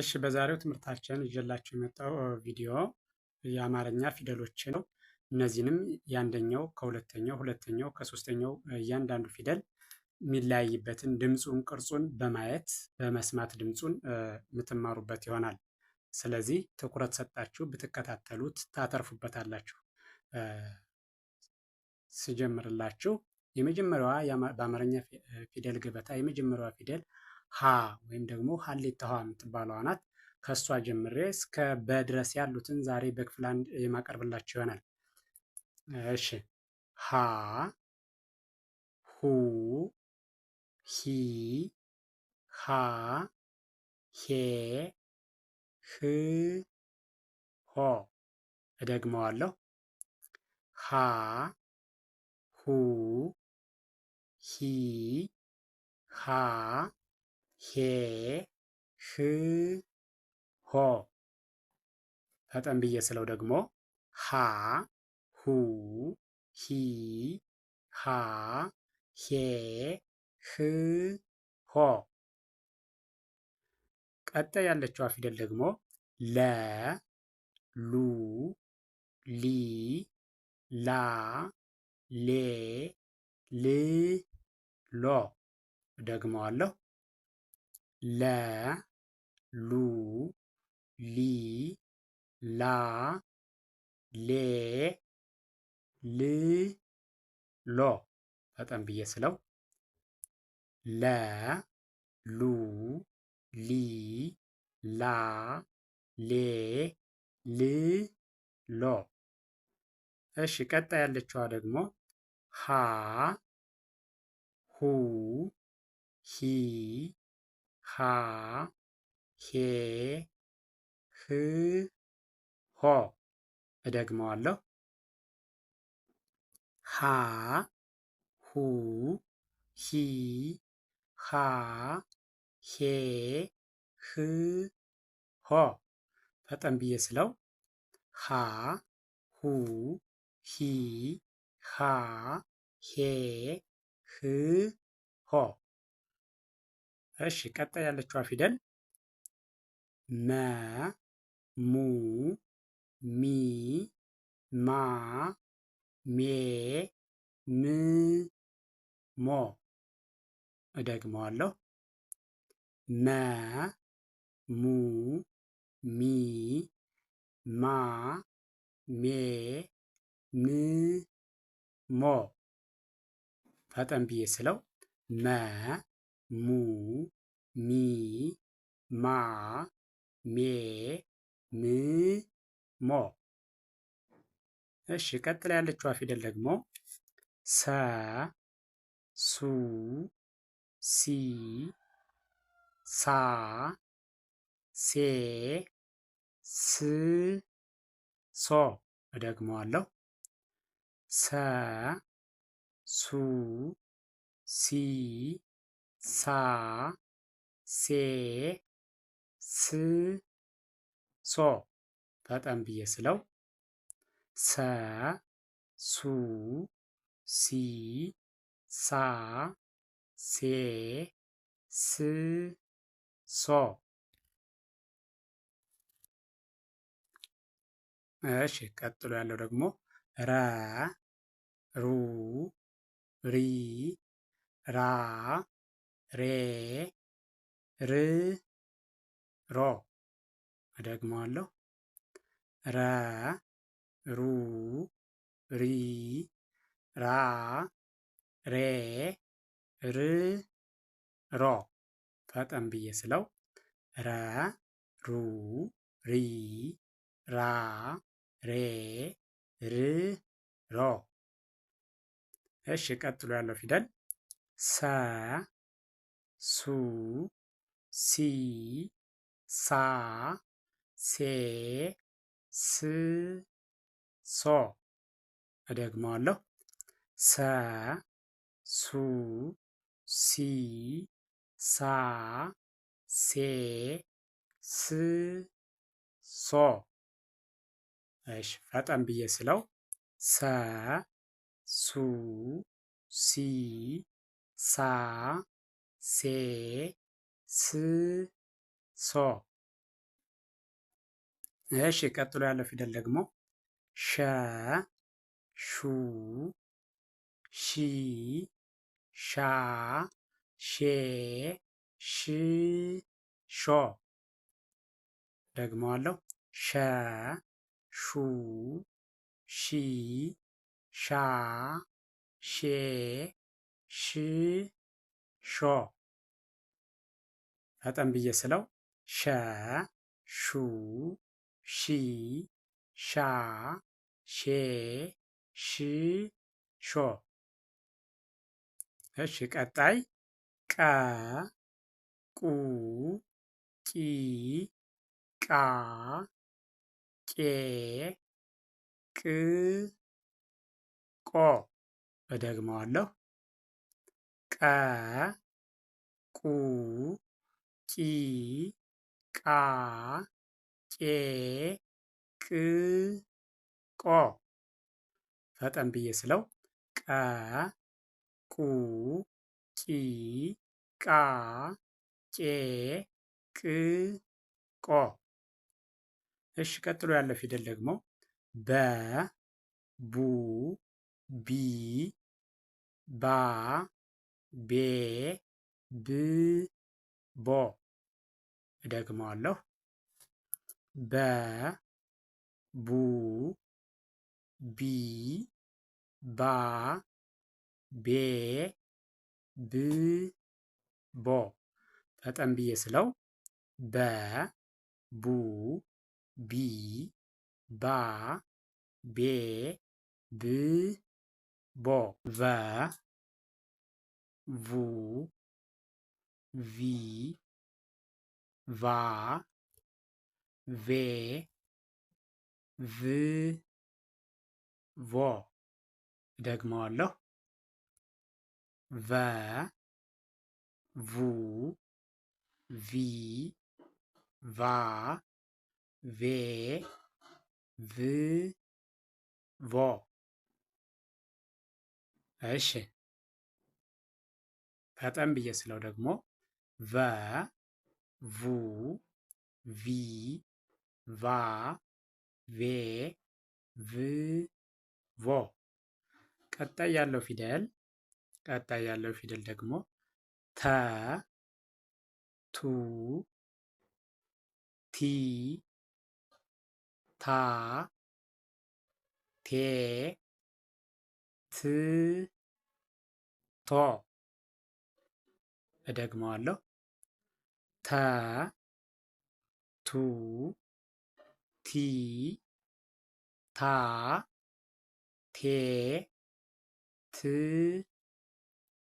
እሺ በዛሬው ትምህርታችን ይዤላችሁ የመጣው ቪዲዮ የአማርኛ ፊደሎችን ነው። እነዚህንም የአንደኛው ከሁለተኛው ሁለተኛው ከሶስተኛው እያንዳንዱ ፊደል የሚለያይበትን ድምፁን፣ ቅርጹን በማየት በመስማት ድምፁን የምትማሩበት ይሆናል። ስለዚህ ትኩረት ሰጣችሁ ብትከታተሉት ታተርፉበታላችሁ። ስጀምርላችሁ የመጀመሪያዋ በአማርኛ ፊደል ገበታ የመጀመሪያዋ ፊደል ሀ ወይም ደግሞ ሀሌታ ሀ የምትባለዋ ናት። ከእሷ ጀምሬ እስከ በድረስ ያሉትን ዛሬ በክፍል አንድ የማቀርብላችሁ ይሆናል። እሺ ሀ ሁ ሂ ሃ ሄ ህ ሆ። እደግመዋለሁ። ሀ ሁ ሂ ሃ ሄ ህ ሆ ፈጠን ብዬ ስለው ደግሞ ሀ ሁ ሂ ሃ ሄ ህ ሆ ቀጣይ ያለችዋ ፊደል ደግሞ ለ ሉ ሊ ላ ሌ ል ሎ ደግመዋለሁ ለ ሉ ሊ ላ ሌ ል ሎ በጣም ብዬ ስለው ለ ሉ ሊ ላ ሌ ል ሎ እሺ ቀጣይ ያለችዋ ደግሞ ሀ ሁ ሂ ሃ ሄ ህ ሆ እደግመዋለሁ። ሃ ሁ ሂ ሃ ሄ ህ ሆ ፈጠን ብዬ ስለው ሃ ሁ ሂ ሃ ሄ ህ ሆ እሺ ቀጣይ ያለችዋ ፊደል መ ሙ ሚ ማ ሜ ም ሞ እደግመዋለሁ መ ሙ ሚ ማ ሜ ም ሞ ፈጠን ብዬ ስለው መ ሙ ሚ ማ ሜ ም ሞ። እሺ ቀጥላ ያለችዋ ፊደል ደግሞ ሰ ሱ ሲ ሳ ሴ ስ ሶ። እደግመዋለሁ ሰ ሱ ሲ ሳ ሴ ስ ሶ ብዬ ስለው ሰ ሱ ሲ ሳ ሴ ስ ሶ እሺ ቀጥሎ ያለው ደግሞ ረ ሩ ሪ ራ ሬ ር ሮ እደግመዋለሁ ረ ሩ ሪ ራ ሬ ር ሮ ፈጠን ብዬ ስለው ረ ሩ ሪ ራ ሬ ር ሮ። እሺ ቀጥሎ ያለው ፊደል ሰ ሱ ሲ ሳ ሴ ስ ሶ እደግመዋለሁ ሰ ሱ ሲ ሳ ሴ ስ ሶ እሺ ፈጠን ብዬ ስለው ሰ ሱ ሲ ሳ ሴ ስ ቀጥሎ ያለው ፊደል ደግሞ ሸ ሹ ሺ ሻ ሼ ሽ ሾ። ደግሞ አለው ሸ ሹ ሺ ሻ ሼ ሽ ሾ ፈጠን ብዬ ስለው ሸ ሹ ሺ ሻ ሼ ሺ ሾ። እሺ ቀጣይ ቀ ቁ ቂ ቃ ቄ ቅ ቆ። እደግመዋለሁ ቀ ቁ ቂ ቃ ቄ ቅ ቆ ፈጠን ብዬ ስለው ቀ ቁ ቂ ቃ ቄ ቅ ቆ እሺ ቀጥሎ ያለው ፊደል ደግሞ በ ቡ ቢ ባ ቤ ብ ቦ እደግመዋለሁ በ ቡ ቢ ባ ቤ ብ ቦ ፈጠን ብዬ ስለው በ ቡ ቢ ባ ቤ ብ ቦ ቨ ቡ ቪ va, ve, vu, vo. ደግማለሁ ቨ ቡ ቪ ቫ ቬ ቭ ቮ እሺ ፈጠን ብዬ ስለው ደግሞ ቨ ቪ ቫ ቬ ቭ ቮ ቀጣይ ያለው ፊደል ቀጣይ ያለው ፊደል ደግሞ ተ ቱ ቲ ታ ቴ ት ቶ እደግመዋለሁ ተ ቱ ቲ ታ ቴ ት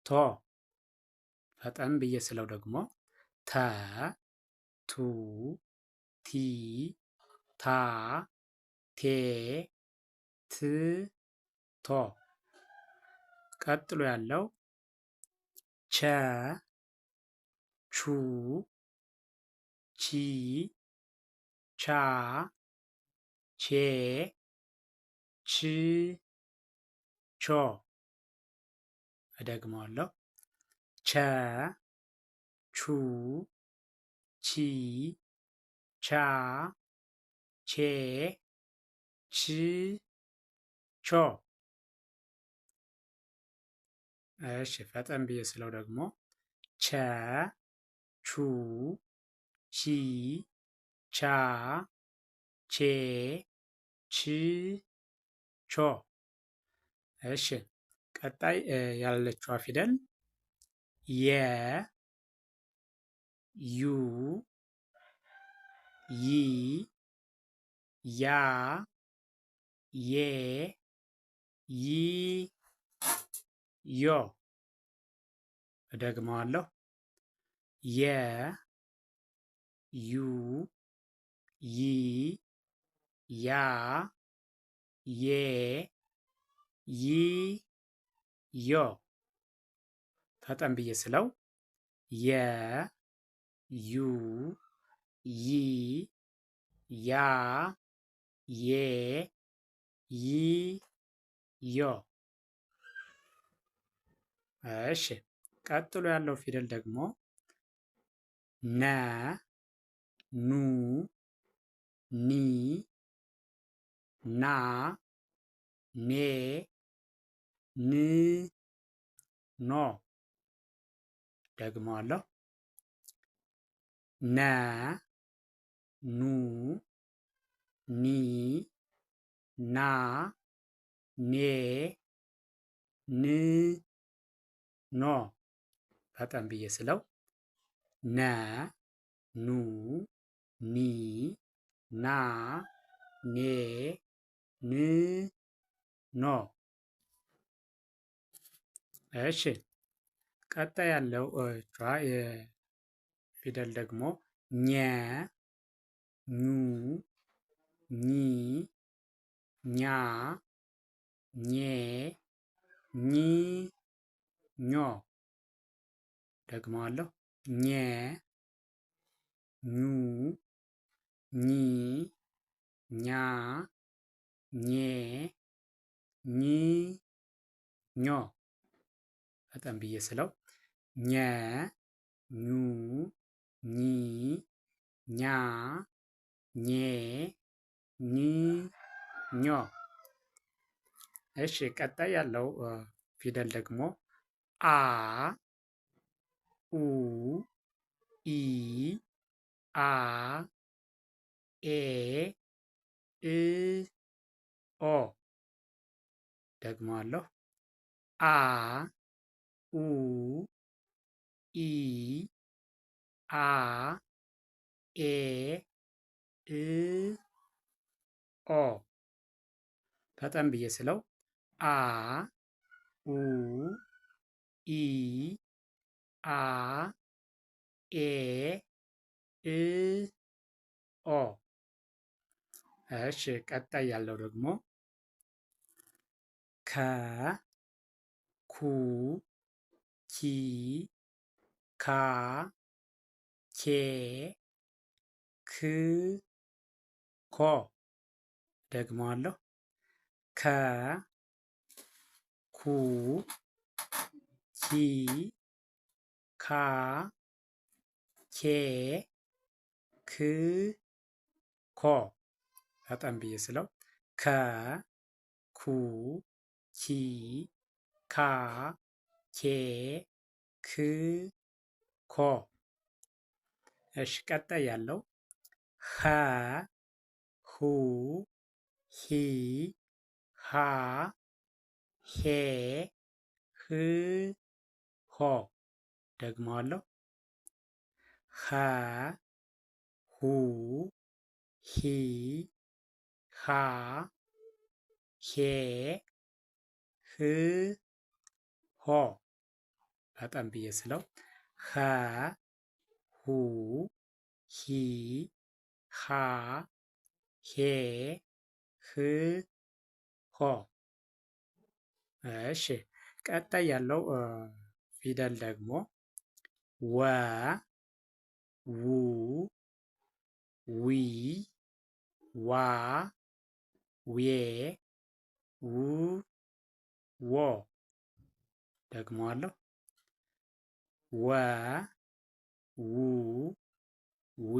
ቶ ፈጠን ብዬ ስለው ደግሞ ተ ቱ ቲ ታ ቴ ት ቶ ቀጥሎ ያለው ቸ ቹ ቺ ቻ ቼ ቺ ቾ እደግመዋለሁ ቸ ቹ ቺ ቻ ቼ ቺ ቾ እሺ ፈጠን ብዬ ስለው ደግሞ ቸ ቹ ሺ ቻ ቼ ቺ ቾ። እሺ ቀጣይ ያለችዋ ፊደል የ ዩ ይ ያ ዬ ይ ዮ። እደግመዋለሁ የ ዩ ይ ያ ዬ ይ ዮ ፈጠን ብዬ ስለው የ ዩ ይ ያ ዬ ይ ዮ። እሺ ቀጥሎ ያለው ፊደል ደግሞ ነ ኑ ኒ ና ኔ ን ኖ ደግመዋለሁ። ነ ኑ ኒ ና ኔ ን ኖ በጣም ብዬ ስለው ነ ኑ ኒ ና ኔ ን ኖ። እሺ ቀጣ ያለው እቿ የፊደል ደግሞ ኘ ኙ ኚ ኛ ኘ ኚ ኞ። ደግመዋለሁ ኘ ኙ ኚ ኛ ኜ ኚ ኞ በጣም ብዬ ስለው ኘ ኙ ኚ ኛ ኜ ኚ ኞ። እሺ ቀጣይ ያለው ፊደል ደግሞ አ ኡ ኢ አ ኤ እ ኦ ደግሞ አለሁ አ ኡ ኢ አ ኤ እ ኦ ፈጠን ብዬ ስለው አ ኡ ኢ አ ኤ እ ኦ እሺ ቀጣይ ያለው ደግሞ ከ ኩ ኪ ካ ኬ ክ ኮ ደግሞ አለው ከ ኩ ኪ ካ ኬ ክ ኮ ፈጠን ብዬ ስለው ከ ኩ ኪ ካ ኬ ክ ኮ። እሽ ቀጣይ ያለው ሀ ሁ ሂ ሃ ሄ ህ ሆ። ደግመዋለሁ ሀ ሁ ሂ ขาเขคือหอกแล้วตามเบียสิลูกขาหูขีขาเขคือหอกเอ๋ชก็ต่ยันลูเออฟิดาลเด็กมั้ว่าวู วีว่า ዌ ው ዎ ደግመዋለሁ ወ ው ዊ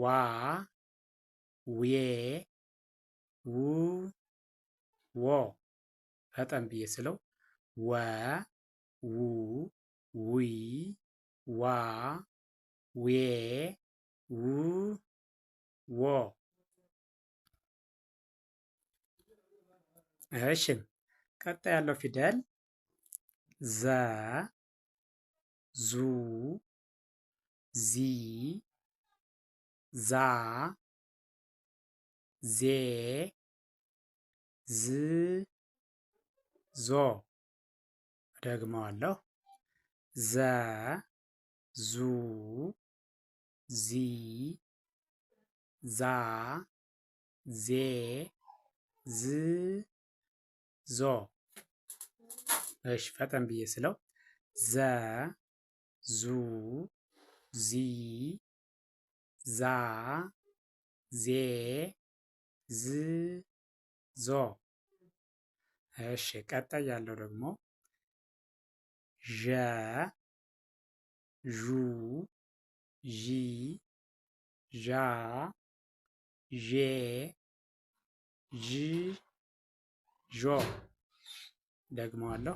ዋ ዌ ው ዎ ፈጠን ብዬ ስለው ወ ው ዊ ዋ ዌ ው ዎ እሺ ቀጣይ ያለው ፊደል ዘ ዙ ዚ ዛ ዜ ዝ ዞ ደግመዋለሁ። ዘ ዙ ዚ ዛ ዜ ዝ ዞ እሺ ፈጠን ብዬ ስለው ዘ ዙ ዚ ዛ ዜ ዝ ዞ። እሺ ቀጣይ ያለው ደግሞ ዠ ዡ ዢ ዣ ዤ ዥ ዦ ደግመዋለሁ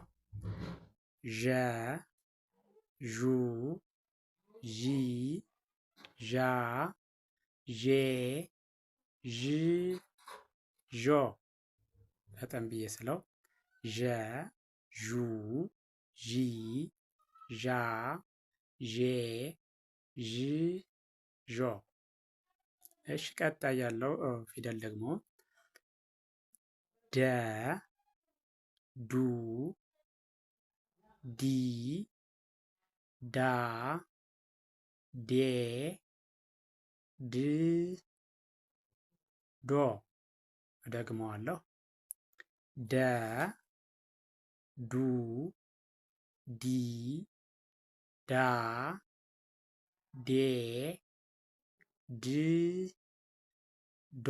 ዠ ዡ ዢ ዣ ዤ ዥ ዦ በጣም ብዬ ስለው ዠ ዡ ዢ ዣ ዤ ዥ ዦ። እሽ ቀጣይ ያለው ፊደል ደግሞ ደ ዱ ዲ ዳ ዴ ድ ዶ እደግመዋለሁ። ደ ዱ ዲ ዳ ዴ ድ ዶ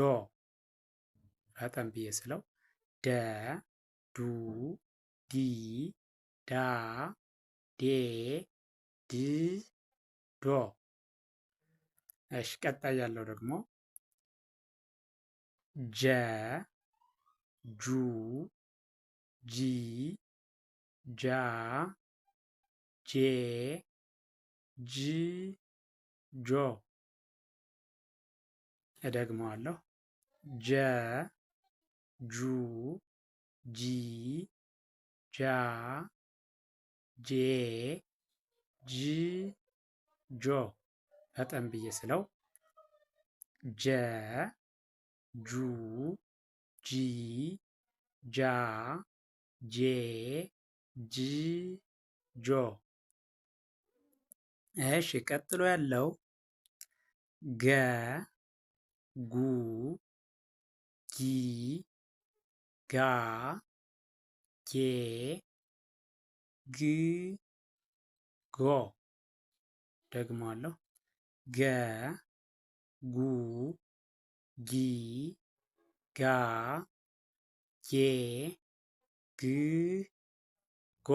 ፈጠን ብዬ ስለው ደ ዱ ዲ ዳ ዴ ድ ዶ። እሽ ቀጣይ ያለው ደግሞ ጀ ጁ ጂ ጃ ጄ ጅ ጆ። እደግመዋለሁ ጀ ጁ ጂ ጃ ጄ ጂ ጆ ፈጠን ብዬ ስለው ጀ ጁ ጂ ጃ ጄ ጂ ጆ። እሺ ቀጥሎ ያለው ገ ጉ ጊ ጋ ጌ ግ ጎ ደግሞ አለው ገ ጉ ጊ ጋ ጌ ግ ጎ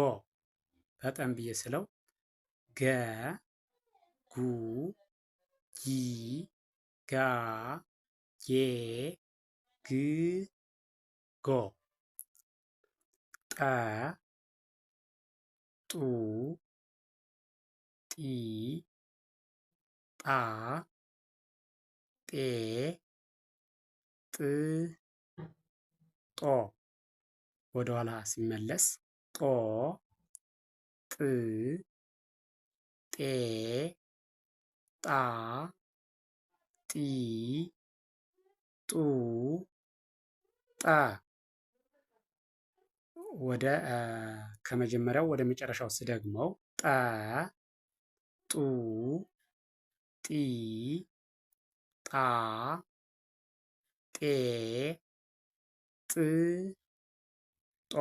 በጣም ብዬ ስለው ገ ጉ ጊ ጋ ጌ ግ ጎ ጠ ጡ ጢ ጣ ጤ ጥ ጦ ወደ ሲመለስ ጦ ጥ ጤ ጣ ጢ ጡ ጠ ወደ ከመጀመሪያው ወደ መጨረሻው ስደግመው ጠ ጡ ጢ ጣ ጤ ጥ ጦ።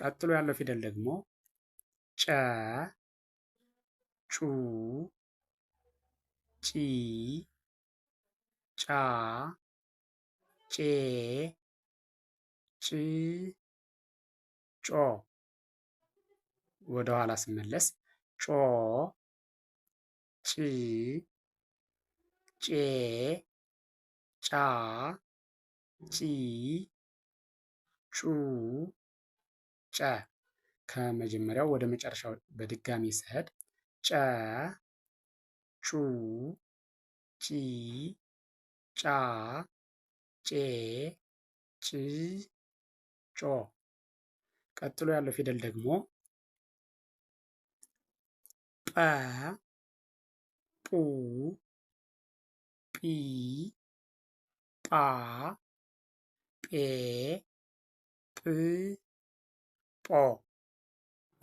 ቀጥሎ ያለው ፊደል ደግሞ ጨ ጩ ጪ ጫ ጬ ጭ ጮ ወደ ኋላ ስመለስ ጮ ጪ ጬ ጫ ጪ ጩ ጨ ከመጀመሪያው ወደ መጨረሻው በድጋሚ ስሄድ ጨ ጩ ጪ ጫ ጬ ጭ ጮ ቀጥሎ ያለው ፊደል ደግሞ ጰ፣ ጱ፣ ጲ፣ ጳ፣ ጴ፣ ጵ፣ ጶ።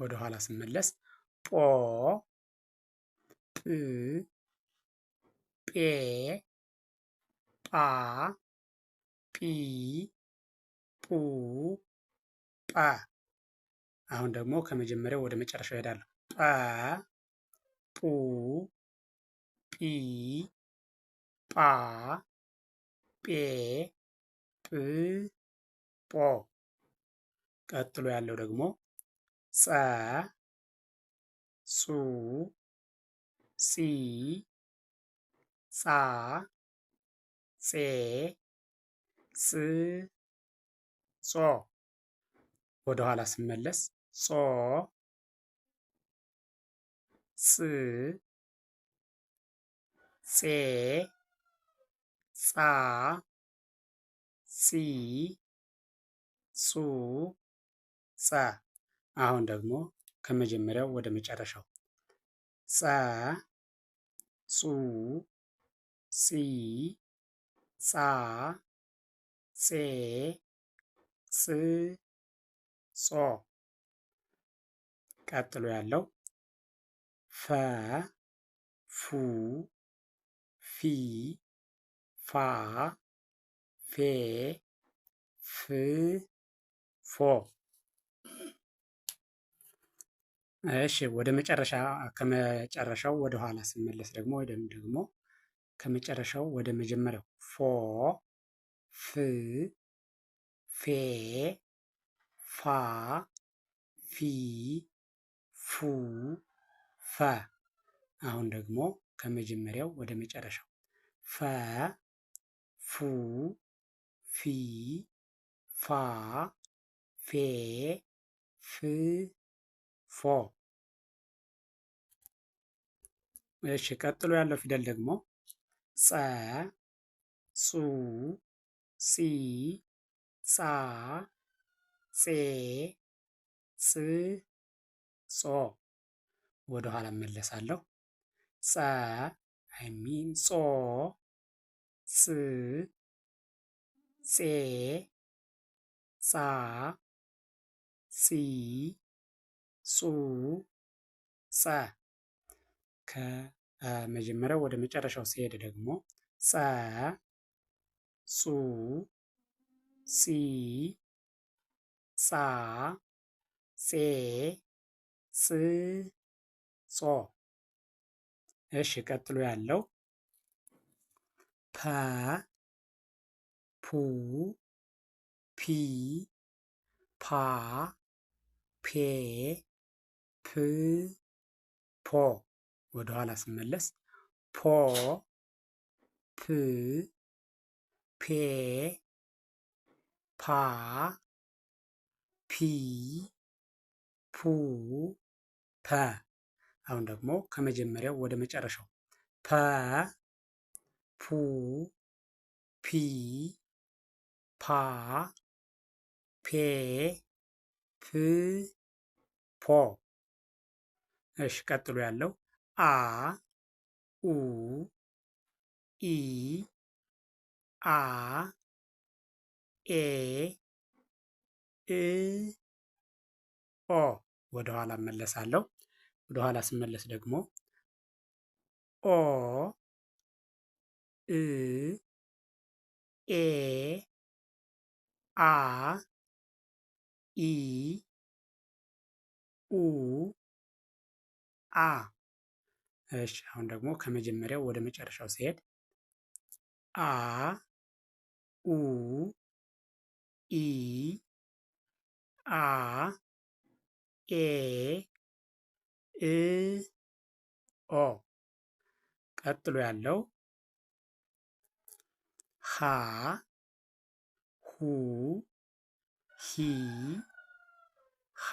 ወደ ኋላ ስመለስ ጶ፣ ጵ፣ ጴ፣ ጳ፣ ጲ፣ ጱ፣ ጳ አሁን ደግሞ ከመጀመሪያው ወደ መጨረሻው እሄዳለሁ። ጳ ጡ ጲ ጳ ጴ ጵ ጶ ቀጥሎ ያለው ደግሞ ጸ ጹ ጺ ጻ ጼ ጽ ጾ ወደኋላ ስመለስ ጾ ፅ ፄ ጻ ጺ ጹ ጸ አሁን ደግሞ ከመጀመሪያው ወደ መጨረሻው ጸ ጹ ጺ ጻ ጼ ጽ ጾ ቀጥሎ ያለው ፈ ፉ ፊ ፋ ፌ ፍ ፎ። እሺ ወደ መጨረሻ ከመጨረሻው ወደ ኋላ ስመለስ ደግሞ ወይም ደግሞ ከመጨረሻው ወደ መጀመሪያው ፎ ፍ ፌ ፋ ፊ ፉ ፈ። አሁን ደግሞ ከመጀመሪያው ወደ መጨረሻው ፈ ፉ ፊ ፋ ፌ ፍ ፎ። እሺ ቀጥሎ ያለው ፊደል ደግሞ ጸ ጹ ጺ ጻ ጼ ጽ ጾ ወደ ወደኋላ እመለሳለሁ። ጸ አይሚን ጾ ጽ ፄ ጻ ጺ ጹ ጸ ከመጀመሪያው ወደ መጨረሻው ሲሄድ ደግሞ ጸ ጹ ጺ ጻ ፄ ጽ ጾ እሺ ቀጥሎ ያለው ፐ ፑ ፒ ፓ ፔ ፕ ፖ ወደኋላ ስመለስ ፖ ፕ ፔ ፓ ፒ ፑ ፐ አሁን ደግሞ ከመጀመሪያው ወደ መጨረሻው ፐ ፑ ፒ ፓ ፔ ፕ ፖ። እሽ ቀጥሎ ያለው አ ኡ ኢ አ ኤ እ ኦ ወደኋላ መለሳለሁ። ወደኋላ ስመለስ ደግሞ ኦ እ ኤ አ ኢ ኡ አ። እሺ አሁን ደግሞ ከመጀመሪያው ወደ መጨረሻው ሲሄድ አ ኡ ኢ አ ኤ እ ኦ ቀጥሎ ያለው ሃ ሁ ሂ ሃ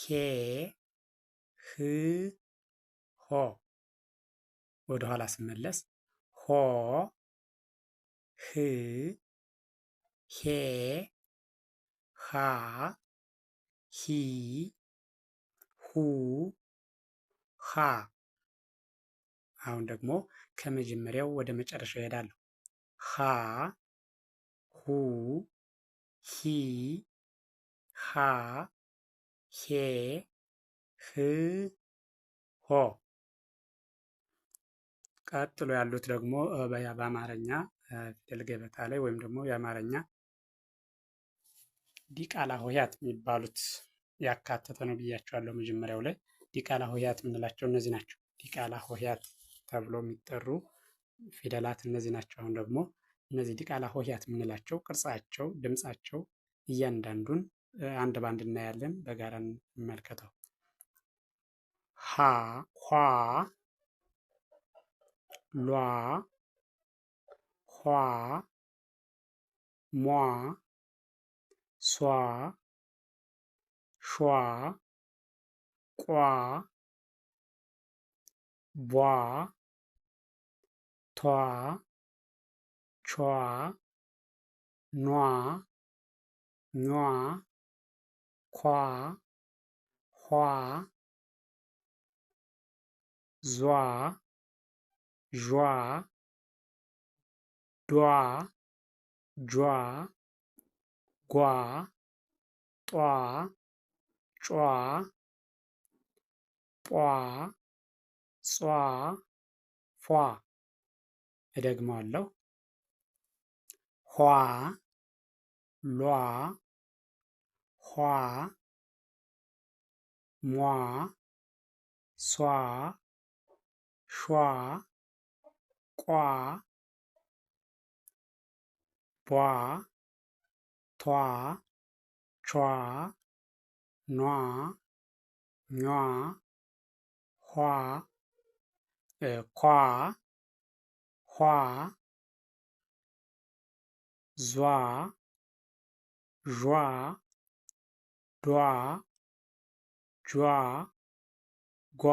ሄ ህ ሆ ወደ ኋላ ስመለስ ሆ ህ ሄ ሃ ሂ ሁ ሃ። አሁን ደግሞ ከመጀመሪያው ወደ መጨረሻው ይሄዳለሁ። ሃ ሁ ሂ ሃ ሄ ህ ሆ። ቀጥሎ ያሉት ደግሞ በአማርኛ ፊደል ገበታ ላይ ወይም ደግሞ የአማርኛ ዲቃላ ሆሄያት የሚባሉት ያካተተ ነው ብያቸዋለሁ። መጀመሪያው ላይ ዲቃላ ሆሄያት የምንላቸው እነዚህ ናቸው። ዲቃላ ሆሄያት ተብሎ የሚጠሩ ፊደላት እነዚህ ናቸው። አሁን ደግሞ እነዚህ ዲቃላ ሆሄያት የምንላቸው ቅርጻቸው፣ ድምጻቸው እያንዳንዱን አንድ ባንድ እናያለን። በጋራ እንመልከተው። ሀ ሏ ሟ ሷ ሿ ቋ ቧ ቷ ቿ ኗ ኟ ኳ ኋ ዟ ዣ ዷ ጇ ጓ ጧ ጯ ጳ ጿ ፏ እደግመዋለሁ ኋ ሏ ኋ ሟ ሷ ሿ ቋ ቧ ቷ ቿ ኗ ኟ ኋ ኳ ኋ ዟ ዧ ዷ ጇ ጓ ጧ ጯ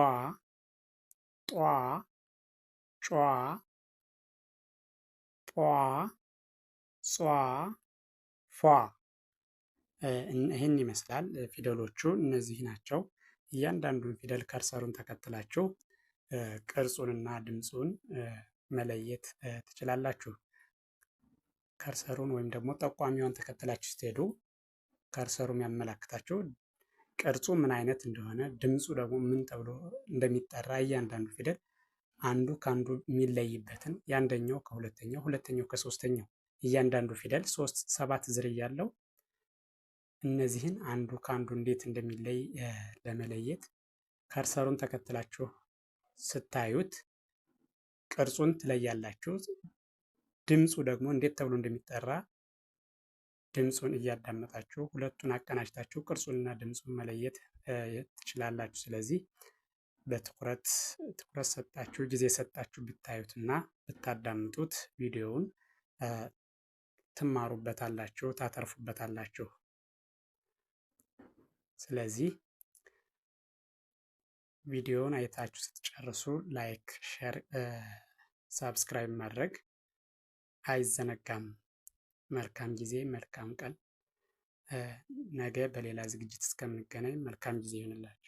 ጧ ጿ ፏ ይህን ይመስላል። ፊደሎቹ እነዚህ ናቸው። እያንዳንዱን ፊደል ከርሰሩን ተከትላችሁ ቅርጹንና ድምፁን መለየት ትችላላችሁ። ከርሰሩን ወይም ደግሞ ጠቋሚዋን ተከትላችሁ ስትሄዱ ከርሰሩ የሚያመላክታችሁ ቅርጹ ምን አይነት እንደሆነ፣ ድምፁ ደግሞ ምን ተብሎ እንደሚጠራ እያንዳንዱ ፊደል አንዱ ከአንዱ የሚለይበትን የአንደኛው ከሁለተኛው ሁለተኛው ከሶስተኛው እያንዳንዱ ፊደል ሶስት ሰባት ዝርያ ያለው እነዚህን አንዱ ከአንዱ እንዴት እንደሚለይ ለመለየት ከርሰሩን ተከትላችሁ ስታዩት ቅርጹን ትለያላችሁ። ድምፁ ደግሞ እንዴት ተብሎ እንደሚጠራ ድምፁን እያዳመጣችሁ ሁለቱን አቀናጅታችሁ ቅርጹንና ድምፁን መለየት ትችላላችሁ። ስለዚህ በትኩረት ትኩረት ሰጣችሁ ጊዜ ሰጣችሁ ብታዩትና ብታዳምጡት ቪዲዮውን ትማሩበታላችሁ፣ ታተርፉበታላችሁ። ስለዚህ ቪዲዮውን አይታችሁ ስትጨርሱ ላይክ፣ ሼር፣ ሳብስክራይብ ማድረግ አይዘነጋም። መልካም ጊዜ፣ መልካም ቀን። ነገ በሌላ ዝግጅት እስከምንገናኝ መልካም ጊዜ ይሆንላችሁ።